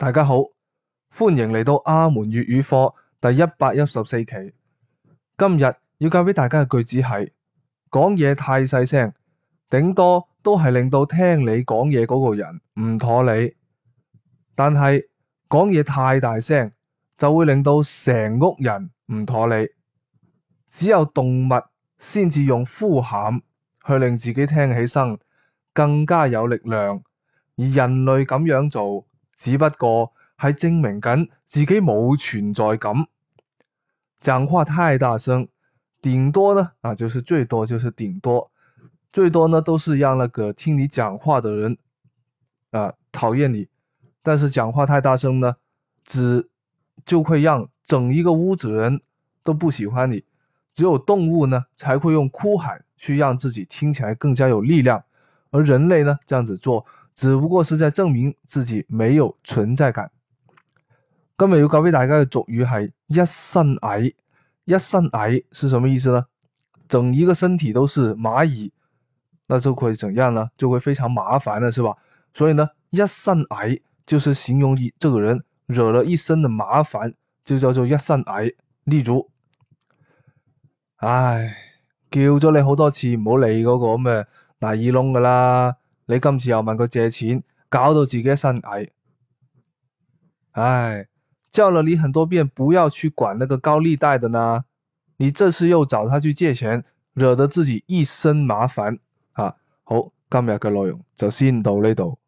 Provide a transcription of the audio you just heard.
大家好，歡迎嚟到阿門粵語課第一百一十四期。今日要教俾大家嘅句子係：講嘢太細聲，頂多都係令到聽你講嘢嗰個人唔妥你；但係講嘢太大聲，就會令到成屋人唔妥你。只有動物先至用呼喊去令自己聽起身更加有力量，而人類咁樣做，只不過係證明緊自己冇存在感。講話太大聲，頂多呢，啊，就是最多，就是頂多，最多呢都是讓那個聽你講話的人啊討厭你，但是講話太大聲呢，只就會讓整一個屋子人都不喜歡你，只有動物呢才會用呼喊去讓自己聽起來更加有力量，而人類呢這樣子做。只不過是在證明自己沒有存在感。今日要教俾大家嘅俗語係一身蟻，一身蟻是什麼意思呢？整一個身體都是螞蟻，那就會怎樣呢？就會非常麻煩啦，是吧？所以呢，一身蟻就是形容一這個人惹了一身的麻煩，就叫做一身蟻。例如，唉，叫咗你好多次唔好理嗰個咩大耳窿噶啦。你今次又問佢借錢，搞到自己一身蟻，唉，叫了你很多遍不要去管那個高利貸的啦，你這次又找他去借錢，惹得自己一身麻煩啊！好，今日嘅內容就先到呢度。